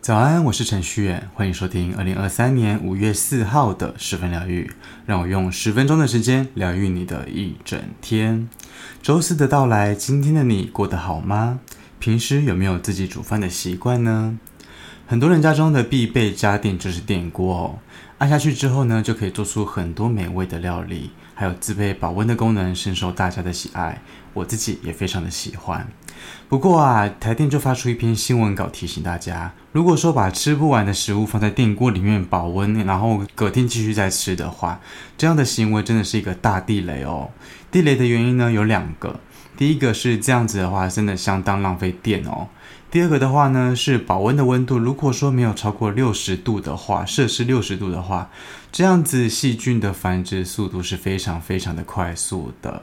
早安，我是陳旭遠，歡迎收聽二零二三年五月四號的十分療癒。讓我用十分鐘的時間療癒你的一整天。週四的到來，今天的你過得好嗎？平時有沒有自己煮飯的習慣呢？很多人家中的必備家電就是電鍋哦，按下去之後呢，就可以做出很多美味的料理，還有自備保溫的功能，深受大家的喜愛。我自己也非常的喜歡。不過啊，台電就發出一篇新聞稿提醒大家，如果說把吃不完的食物放在電鍋裡面保溫，然後隔天繼續再吃的話，這樣的行為真的是一個大地雷哦。地雷的原因呢有兩個，第一個是這樣子的話，真的相當浪費電哦。第二個的話呢，是保溫的溫度。如果說沒有超過六十度的話，攝氏六十度的話，這樣子細菌的繁殖速度是非常非常的快速的。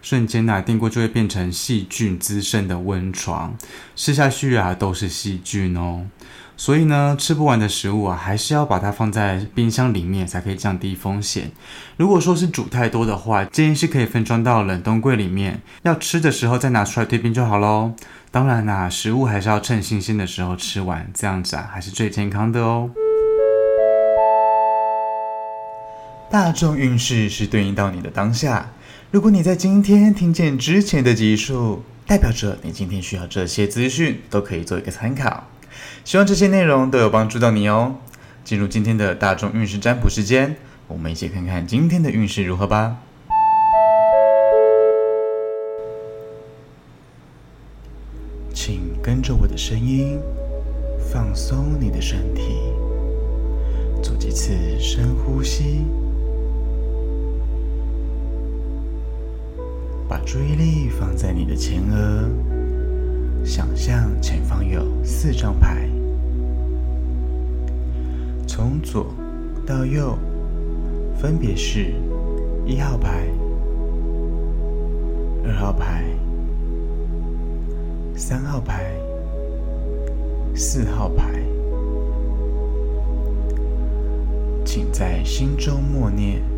瞬間吶、啊，電鍋就會變成細菌滋生的溫床，吃下去啊都是細菌哦。所以呢，吃不完的食物啊，還是要把它放在冰箱裡面，才可以降低風險。如果說是煮太多的話，建議是可以分裝到冷凍櫃裡面，要吃的時候再拿出來退冰就好嘍。當然啦、啊，食物還是要趁新鮮的時候吃完，這樣子啊還是最健康的哦。大眾運勢是對應到你的當下。如果你在今天聽見之前的集數，代表着你今天需要這些資訊都可以做一個參考。希望這些內容都有幫助到你哦。進入今天的大眾運勢占卜時間，我們一起看看今天的運勢如何吧。請跟着我的聲音，放鬆你的身體，做幾次深呼吸。把注意力放在你的前額，想象前方有四張牌，從左到右分別是：一號牌、二號牌、三號牌、四號牌，請在心中默念。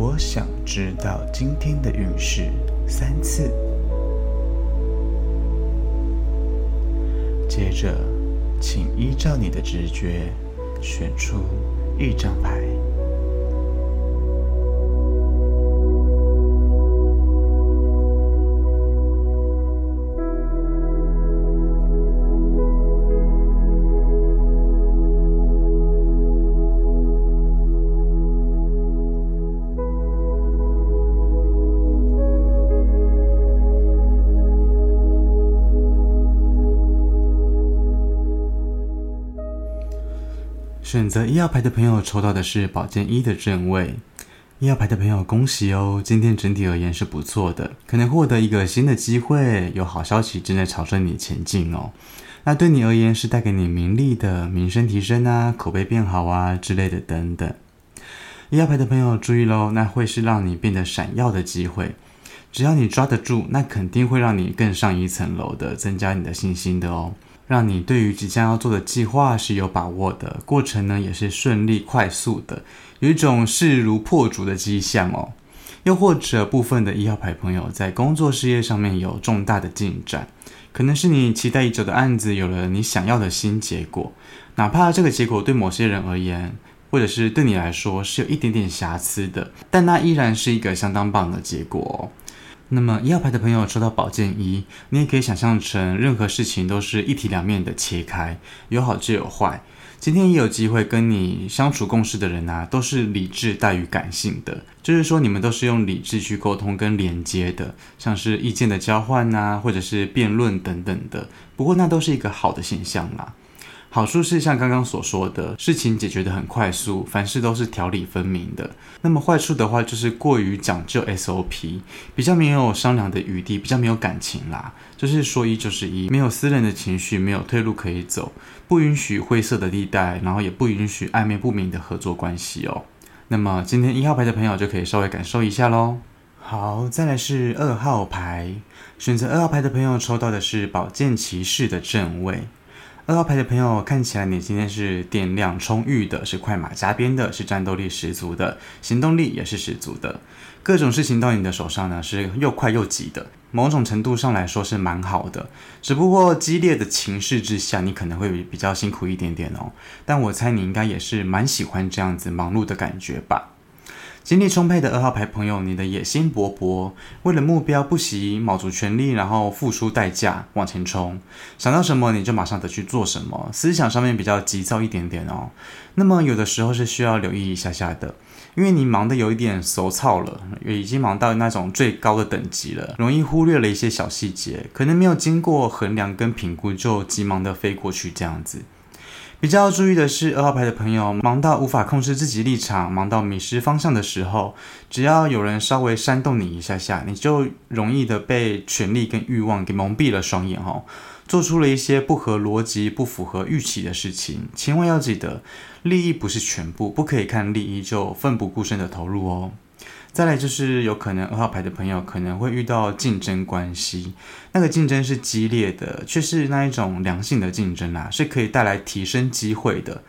我想知道今天的運勢三次。接着，請依照你的直覺選出一張牌。選擇一號牌的朋友抽到的是寶劍一的正位，一號牌的朋友恭喜哦，今天整體而言是不錯的，可能獲得一個新的機會，有好消息正在朝着你前進哦。那對你而言是帶給你名利的名聲提升啊，口碑變好啊之類的等等。一號牌的朋友注意嘍，那會是讓你變得閃耀的機會，只要你抓得住，那肯定會讓你更上一層樓的，增加你的信心的哦。讓你對於即將要做的計劃是有把握的，過程呢也是順利快速的，有一種勢如破竹的跡象哦。又或者部分的一號牌朋友在工作事業上面有重大的進展，可能是你期待已久的案子有了你想要的新結果，哪怕這個結果對某些人而言，或者是對你來說是有一點點瑕疵的，但那依然是一個相當棒的結果哦。那麼一號牌的朋友抽到寶劍一，你也可以想象成任何事情都是一體兩面的切開，有好就有壞。今天也有機會跟你相處共事的人啊，都是理智大於感性的，就是說你們都是用理智去溝通跟連接的，像是意見的交換啊，或者是辯論等等的。不過那都是一個好的現象啦。好處是像剛剛所說的，事情解決得很快速，凡事都是條理分明的。那麼壞處的話，就是過於講究 SOP，比較沒有商量的餘地，比較沒有感情啦，就是說一就是一，沒有私人的情緒，沒有退路可以走，不允許灰色的地帶，然後也不允許曖昧不明的合作關係哦、喔。那麼今天一號牌的朋友就可以稍微感受一下嘍。好，再來是二號牌，選擇二號牌的朋友抽到的是寶劍騎士的正位。二號牌的朋友，看起來你今天是電量充裕的，是快馬加鞭的，是戰鬥力十足的，行動力也是十足的。各種事情到你的手上呢，是又快又急的，某種程度上來說是蠻好的。只不過激烈的情勢之下，你可能會比較辛苦一點點哦。但我猜你應該也是蠻喜歡這樣子忙碌的感覺吧。精力充沛的二號牌朋友，你的野心勃勃，為了目標不惜卯足全力，然後付出代價往前衝。想到什麼你就馬上得去做什麼，思想上面比較急躁一點點哦。那麼有的時候是需要留意一下下的，因為你忙得有一點俗套了，也已經忙到那種最高的等級了，容易忽略了一些小細節，可能沒有經過衡量跟評估就急忙的飛過去這樣子。比較要注意的是，二號牌的朋友忙到無法控制自己立場，忙到迷失方向的時候，只要有人稍微煽動你一下下，你就容易的被權力跟慾望給矇蔽了雙眼，做出了一些不合邏輯、不符合預期的事情。千萬要記得，利益不是全部，不可以看利益就奮不顧身的投入哦。再來就是有可能二號牌的朋友可能會遇到競爭關係，那個競爭是激烈的，卻是那一種良性的競爭啦、啊，是可以帶來提升機會的。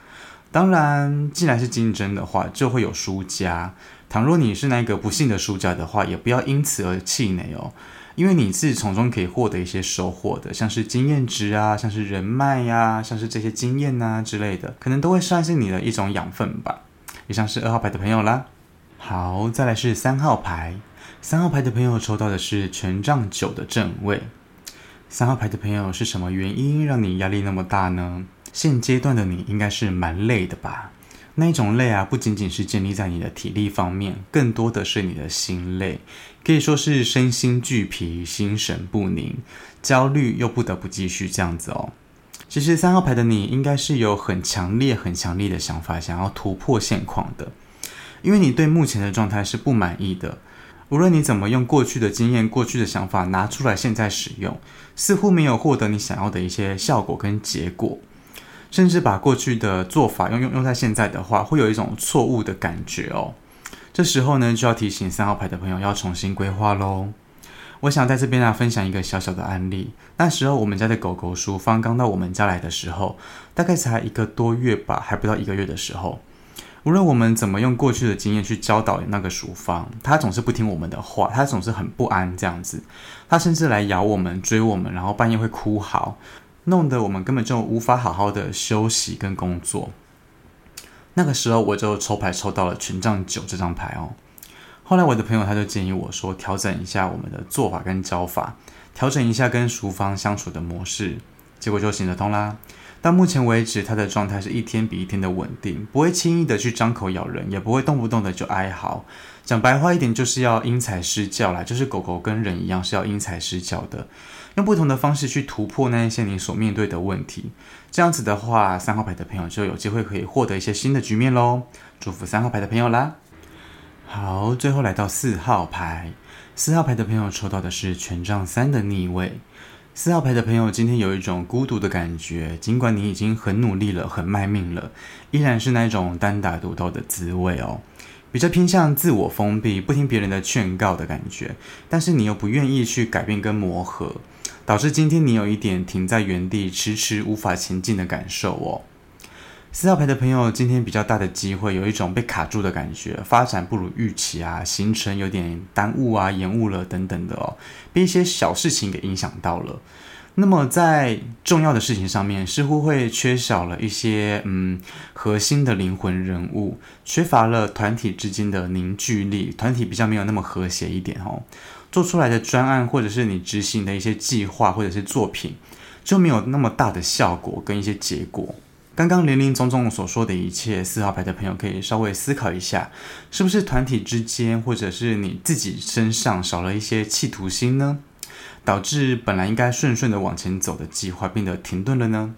當然，既然是競爭的話，就會有輸家。倘若你是那個不幸的輸家的話，也不要因此而氣餒哦，因為你自己從中可以獲得一些收穫的，像是經驗值啊，像是人脈呀、啊，像是這些經驗吶、啊、之類的，可能都會算是你的一種養分吧。以上是二號牌的朋友啦。好，再來是三號牌。三號牌的朋友抽到的是權杖九的正位。三號牌的朋友是什麼原因讓你壓力那麼大呢？現階段的你應該是蠻累的吧？那一種累啊，不僅僅是建立在你的體力方面，更多的是你的心累，可以說是身心俱疲、心神不寧、焦慮，又不得不繼續這樣子哦。其實三號牌的你應該是有很強烈、很強烈的想法，想要突破現況的。因為你對目前的狀態是不滿意的，無論你怎麼用過去的經驗、過去的想法拿出來現在使用，似乎沒有獲得你想要的一些效果跟結果，甚至把過去的做法用用用在現在的話，會有一種錯誤的感覺哦。這時候呢，就要提醒三號牌的朋友要重新規劃嘍。我想在這邊呢、啊、分享一個小小的案例，那時候我們家的狗狗書方剛到我們家來的時候，大概才一個多月吧，還不到一個月的時候。無論我們怎麼用過去的經驗去教導那個淑芳，他總是不聽我們的話，他總是很不安這樣子，他甚至來咬我們、追我們，然後半夜會哭嚎，弄得我們根本就無法好好的休息跟工作。那個時候我就抽牌抽到了權杖九這張牌哦，後來我的朋友他就建議我說，調整一下我們的做法跟教法，調整一下跟淑芳相處的模式，結果就行得通啦。到目前為止，它的狀態是一天比一天的穩定，不會輕易的去張口咬人，也不會動不動的就哀嚎。講白話一點，就是要因材施教啦，就是狗狗跟人一樣是要因材施教的，用不同的方式去突破那一些你所面對的問題。這樣子的話，三號牌的朋友就有機會可以獲得一些新的局面嘍，祝福三號牌的朋友啦。好，最後來到四號牌，四號牌的朋友抽到的是權杖三的逆位。四號牌的朋友，今天有一種孤獨的感覺，儘管你已經很努力了，很賣命了，依然是那種單打獨鬥的滋味哦。比較偏向自我封閉、不聽別人的勸告的感覺，但是你又不願意去改變跟磨合，導致今天你有一點停在原地、遲遲無法前進的感受哦。四號牌的朋友，今天比較大的機會有一種被卡住的感覺，發展不如預期啊，行程有點耽誤啊，延誤了等等的哦，被一些小事情給影響到了。那麼在重要的事情上面，似乎會缺少了一些嗯核心的靈魂人物，缺乏了團體之間的凝聚力，團體比較沒有那麼和諧一點哦。做出來的專案或者是你執行的一些計劃或者是作品，就沒有那麼大的效果跟一些結果。剛剛林林總總所說的一切，四號牌的朋友可以稍微思考一下，是不是團體之間或者是你自己身上少了一些企圖心呢？導致本來應該順順的往前走的計劃變得停頓了呢？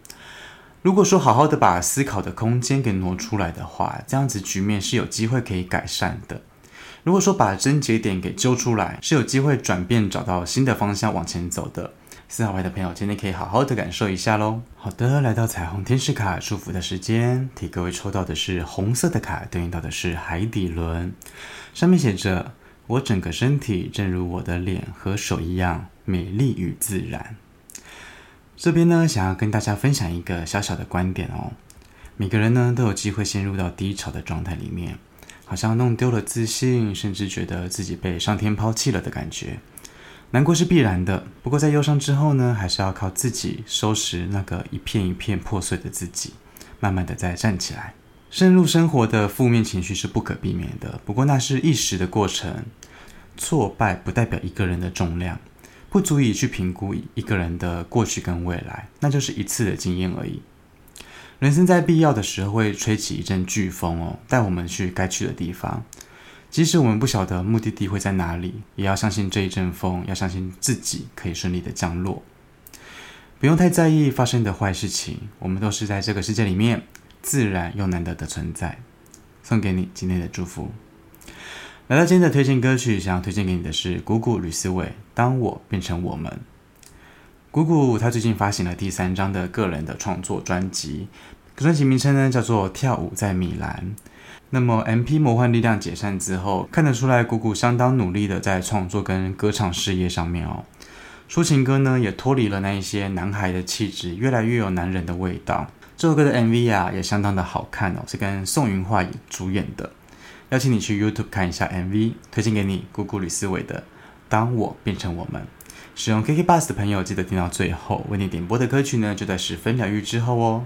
如果說好好的把思考的空間給挪出來的話，這樣子局面是有機會可以改善的。如果說把症結點給揪出來，是有機會轉變、找到新的方向往前走的。四號牌的朋友，今天可以好好的感受一下嘍。好的，來到彩虹天使卡祝福的時間，替各位抽到的是紅色的卡，對應到的是海底輪，上面寫着：“我整個身體，正如我的臉和手一樣，美麗與自然。”這邊呢，想要跟大家分享一個小小的觀點哦。每個人呢都有機會陷入到低潮的狀態裡面，好像弄丟了自信，甚至覺得自己被上天拋棄了的感覺。難過是必然的，不過在憂傷之後呢，還是要靠自己收拾那個一片一片破碎的自己，慢慢的再站起來。深入生活的負面情緒是不可避免的，不過那是一時的過程。挫敗不代表一個人的重量，不足以去評估一個人的過去跟未來，那就是一次的經驗而已。人生在必要的時候會吹起一陣颶風哦，帶我們去該去的地方。即使我們不曉得目的地會在哪裡，也要相信這一陣風，要相信自己可以順利的降落。不用太在意發生的壞事情，我們都是在這個世界裡面自然又難得的存在。送給你今天的祝福。來到今天的推薦歌曲，想要推薦給你的是鼓鼓呂思緯，當我變成我們，鼓鼓她最近發行了第三張的個人的創作專輯，這專輯名稱呢叫做《跳舞在米蘭》。那麼，M.P. 魔幻力量解散之後，看得出來，鼓鼓相當努力的在創作跟歌唱事業上面哦。抒情歌呢，也脫離了那一些男孩的氣質，越來越有男人的味道。這首歌的 MV 呀、啊，也相當的好看哦，是跟宋芸樺主演的。邀請你去 YouTube 看一下 MV，推薦給你。鼓鼓呂思緯的《當我變成我們》，使用 KKBOX 的朋友記得聽到最後，為你點播的歌曲呢，就在十分療癒之後哦。